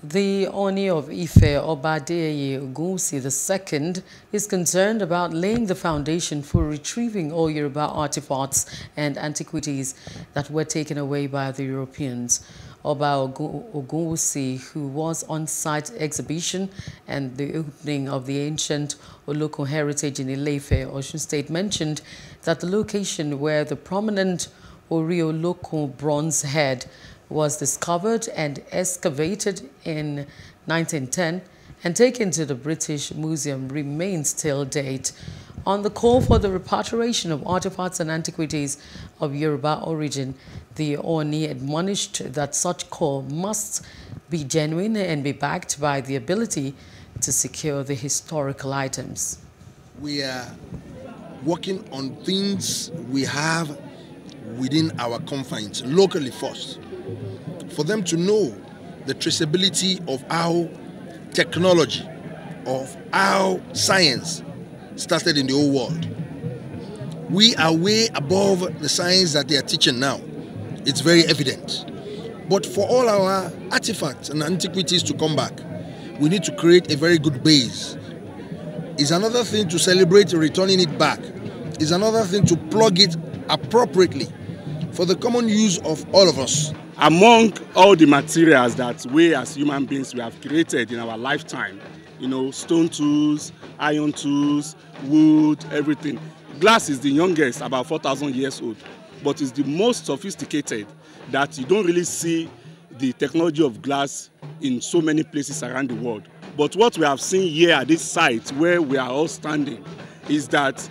The Oni of Ife Obadeye Ogunsi II is concerned about laying the foundation for retrieving all Yoruba artifacts and antiquities that were taken away by the Europeans. Oba Ogunwusi, who was on site exhibition and the opening of the ancient Oloko heritage in Ilefe, Osun State, mentioned that the location where the prominent Orioloko bronze head was discovered and excavated in 1910 and taken to the British Museum remains till date. On the call for the repatriation of artifacts and antiquities of Yoruba origin, the ONI admonished that such call must be genuine and be backed by the ability to secure the historical items. We are working on things we have within our confines, locally first, for them to know the traceability of how technology, of how science started in the old world. We are way above the science that they are teaching now. It's very evident. But for all our artifacts and antiquities to come back, we need to create a very good base. It's another thing to celebrate returning it back. It's another thing to plug it appropriately for the common use of all of us. Among all the materials that we as human beings we have created in our lifetime, you know, stone tools, iron tools, wood, everything. Glass is the youngest, about 4,000 years old, but it's the most sophisticated that you don't really see the technology of glass in so many places around the world. But what we have seen here at this site where we are all standing is that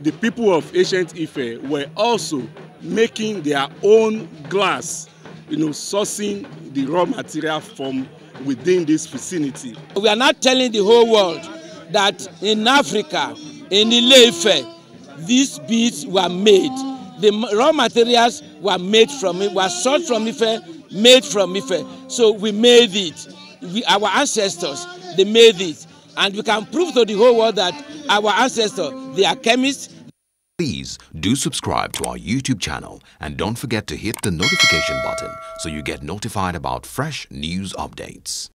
the people of ancient Ife were also making their own glass, you know, sourcing the raw material from within this vicinity. We are not telling the whole world that in Africa, in ile these beads were made. The raw materials were made from it, were sourced from Ife, made from Ife. So we made it. We, our ancestors, they made it. And we can prove to the whole world that our ancestors, they are chemists, Please do subscribe to our YouTube channel and don't forget to hit the notification button so you get notified about fresh news updates.